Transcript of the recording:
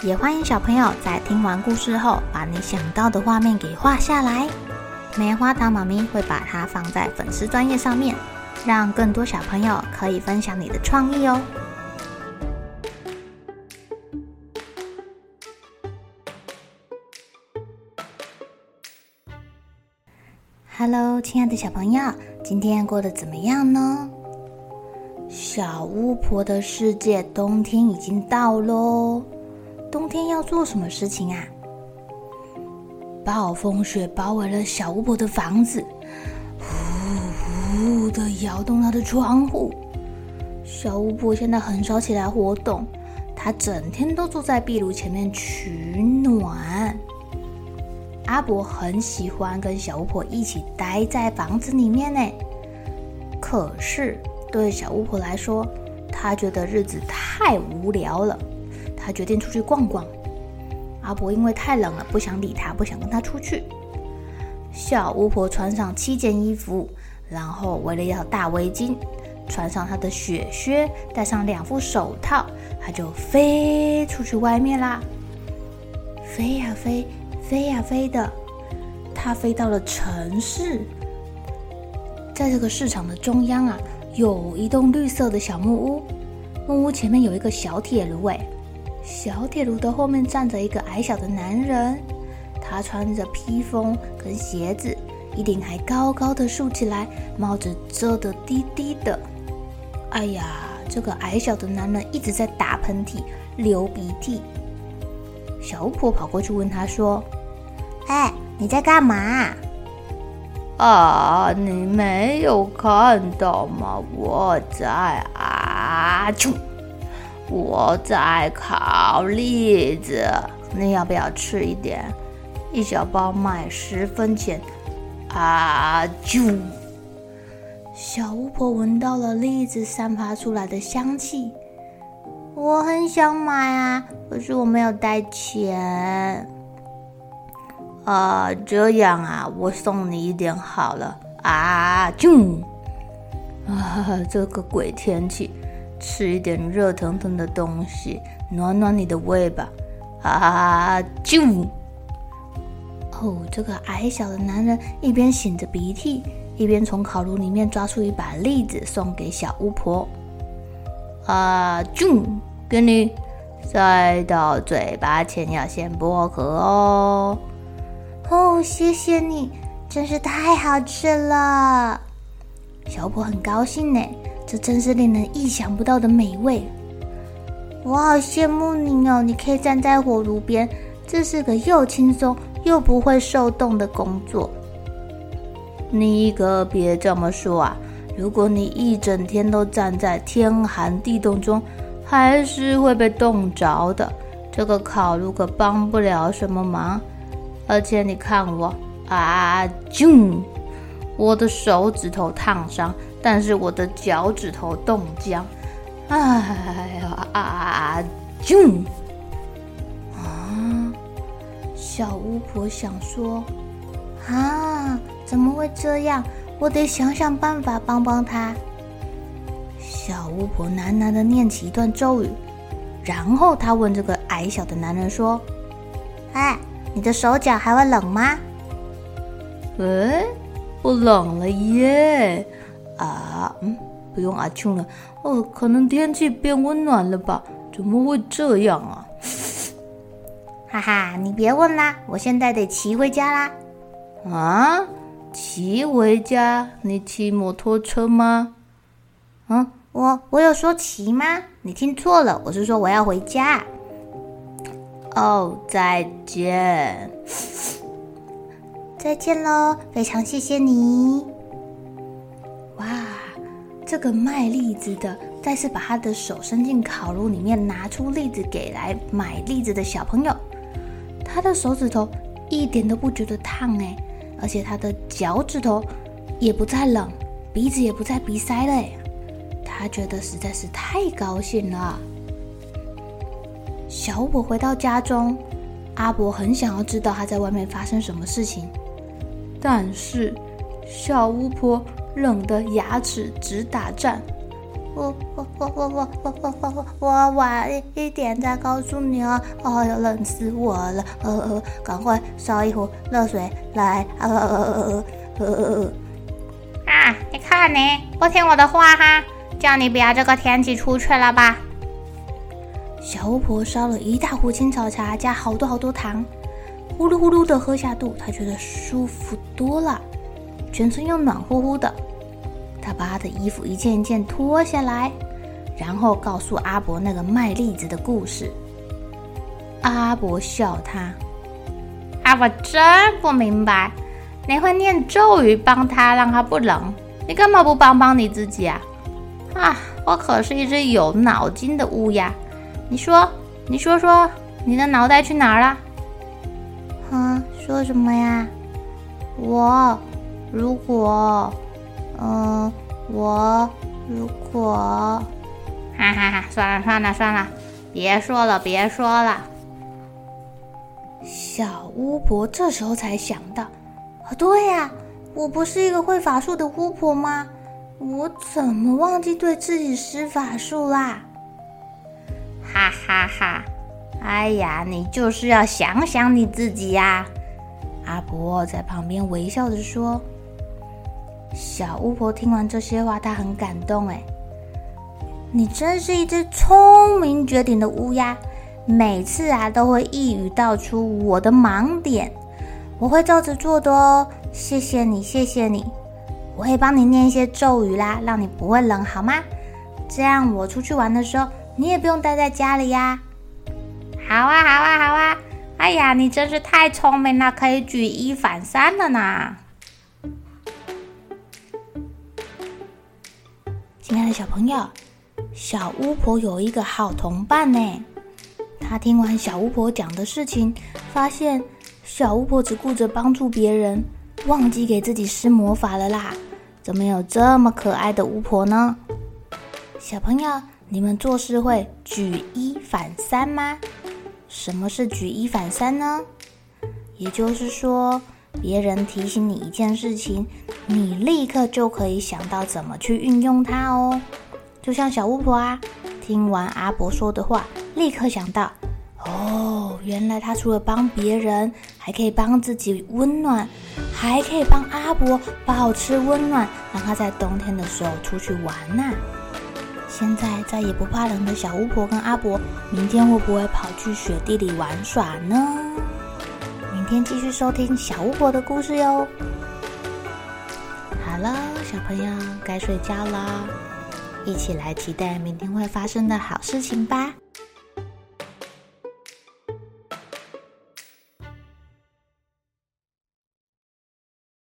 也歡迎小朋友在聽完故事後，把你想到的畫面給畫下來。棉花糖媽咪會把它放在粉絲專頁上面，讓更多小朋友可以分享你的創意哦。Hello，親愛的小朋友，今天過得怎麼樣呢？小巫婆的世界，冬天已經到嘍。冬天要做什麼事情啊？暴風雪包圍了小巫婆的房子，嗚嗚的搖動她的窗戶。小巫婆現在很少起來活動，她整天都坐在壁爐前面取暖。阿伯很喜歡跟小巫婆一起待在房子裡面呢，可是對小巫婆來說，她覺得日子太無聊了。他決定出去逛逛。阿伯因為太冷了，不想理他，不想跟他出去。小巫婆穿上七件衣服，然後圍了一條大圍巾，穿上她的雪靴，戴上兩副手套，她就飛出去外面啦。飛呀、啊、飛，飛呀、啊、飛的，她飛到了城市。在這個市場的中央啊，有一棟綠色的小木屋，木屋前面有一個小鐵爐尾。小鐵爐的後面站着一個矮小的男人，他穿着披風跟鞋子，衣領還高高的豎起來，帽子遮得低低的。哎呀，這個矮小的男人一直在打噴嚏、流鼻涕。小巫婆跑過去問他說：“哎、欸，你在幹嘛？”啊，你沒有看到嗎？我在啊，我在烤栗子，你要不要吃一點？一小包賣十分錢，啊啾！小巫婆聞到了栗子散發出來的香氣，我很想買啊，可是我沒有帶錢。啊，這樣啊，我送你一點好了，啊啾！啊，這個鬼天氣。吃一點熱騰騰的東西，暖暖你的胃吧。啊，啾！哦，這個矮小的男人一邊擤着鼻涕，一邊從烤爐裡面抓出一把栗子送給小巫婆。啊，啾！給你，塞到嘴巴前要先剝殼哦。哦，謝謝你，真是太好吃了。小巫婆很高興呢。這真是令人意想不到的美味！我好羨慕你哦，你可以站在火爐邊，這是個又輕鬆又不會受凍的工作。你可別這麼說啊！如果你一整天都站在天寒地凍中，還是會被凍着的。這個烤爐可幫不了什麼忙，而且你看我啊，啾！我的手指頭燙傷。但是我的腳趾頭凍僵，哎呀啊啊啊！啊！小巫婆想說啊，怎麼會這樣？我得想想辦法幫幫他。小巫婆喃喃地念起一段咒語，然後她問這個矮小的男人說：“哎，你的手腳還會冷嗎？”“喂、哎，不冷了耶。”啊，嗯，不用阿秋了。哦，可能天氣變溫暖了吧？怎麼會這樣啊？ 哈哈，你別問啦，我現在得騎回家啦。啊，騎回家？你騎摩托車嗎？嗯，我我有說騎嗎？你聽錯了，我是說我要回家。哦，再見， 再見嘍，非常謝謝你。這個賣栗子的再次把他的手伸進烤爐裡面，拿出栗子給來買栗子的小朋友。他的手指頭一點都不覺得燙哎，而且他的腳趾頭也不再冷，鼻子也不再鼻塞了誒，他覺得實在是太高興了。小巫婆回到家中，阿伯很想要知道他在外面發生什麼事情，但是小巫婆。冷得牙齒直打顫，我我我我我我我我我晚一一點再告訴你哦，哦，呀冷死我了，呃呃，趕快燒一壺熱水來，呃呃呃呃呃啊你看你，不聽我的話哈，叫你不要這個天氣出去了吧。小巫婆燒了一大壺青草茶，加好多好多糖，呼嚕呼嚕的喝下肚，她覺得舒服多了。全身又暖乎乎的，他把他的衣服一件一件脫下來，然後告訴阿伯那個賣栗子的故事。阿伯笑他：“啊，我真不明白，你會念咒語幫他讓他不冷，你幹嘛不幫幫你自己啊？啊，我可是一隻有腦筋的烏鴉。你說，你說說，你的腦袋去哪兒了？哼、啊，說什麼呀？我。”如果，嗯，我如果，哈哈哈，算了算了算了，別說了別說了。小巫婆這時候才想到，啊，對呀、啊，我不是一個會法術的巫婆嗎？我怎麼忘記對自己施法術啦？哈哈哈，哎呀，你就是要想想你自己呀、啊。阿伯在旁邊微笑着說。小巫婆聽完這些話，她很感動。哎，你真是一隻聰明絕頂的烏鴉，每次啊都會一語道出我的盲點。我會照着做的哦，謝謝你，謝謝你。我會幫你念一些咒語啦，讓你不會冷好嗎？這樣我出去玩的時候，你也不用待在家裡呀。好啊，好啊，好啊！哎呀，你真是太聰明了，可以舉一反三了呢。親愛的小朋友，小巫婆有一個好同伴呢。她聽完小巫婆講的事情，發現小巫婆只顧着幫助別人，忘記給自己施魔法了啦。怎麼有這麼可愛的巫婆呢？小朋友，你們做事會舉一反三嗎？什麼是舉一反三呢？也就是說。別人提醒你一件事情，你立刻就可以想到怎麼去運用它哦。就像小巫婆啊，聽完阿伯說的話，立刻想到，哦，原來他除了幫別人，還可以幫自己溫暖，還可以幫阿伯保持溫暖，讓他在冬天的時候出去玩吶、啊。現在再也不怕冷的小巫婆跟阿伯，明天會不會跑去雪地裡玩耍呢？明天繼續收聽小巫婆的故事喲。好了，小朋友該睡覺了，一起來期待明天會發生的好事情吧。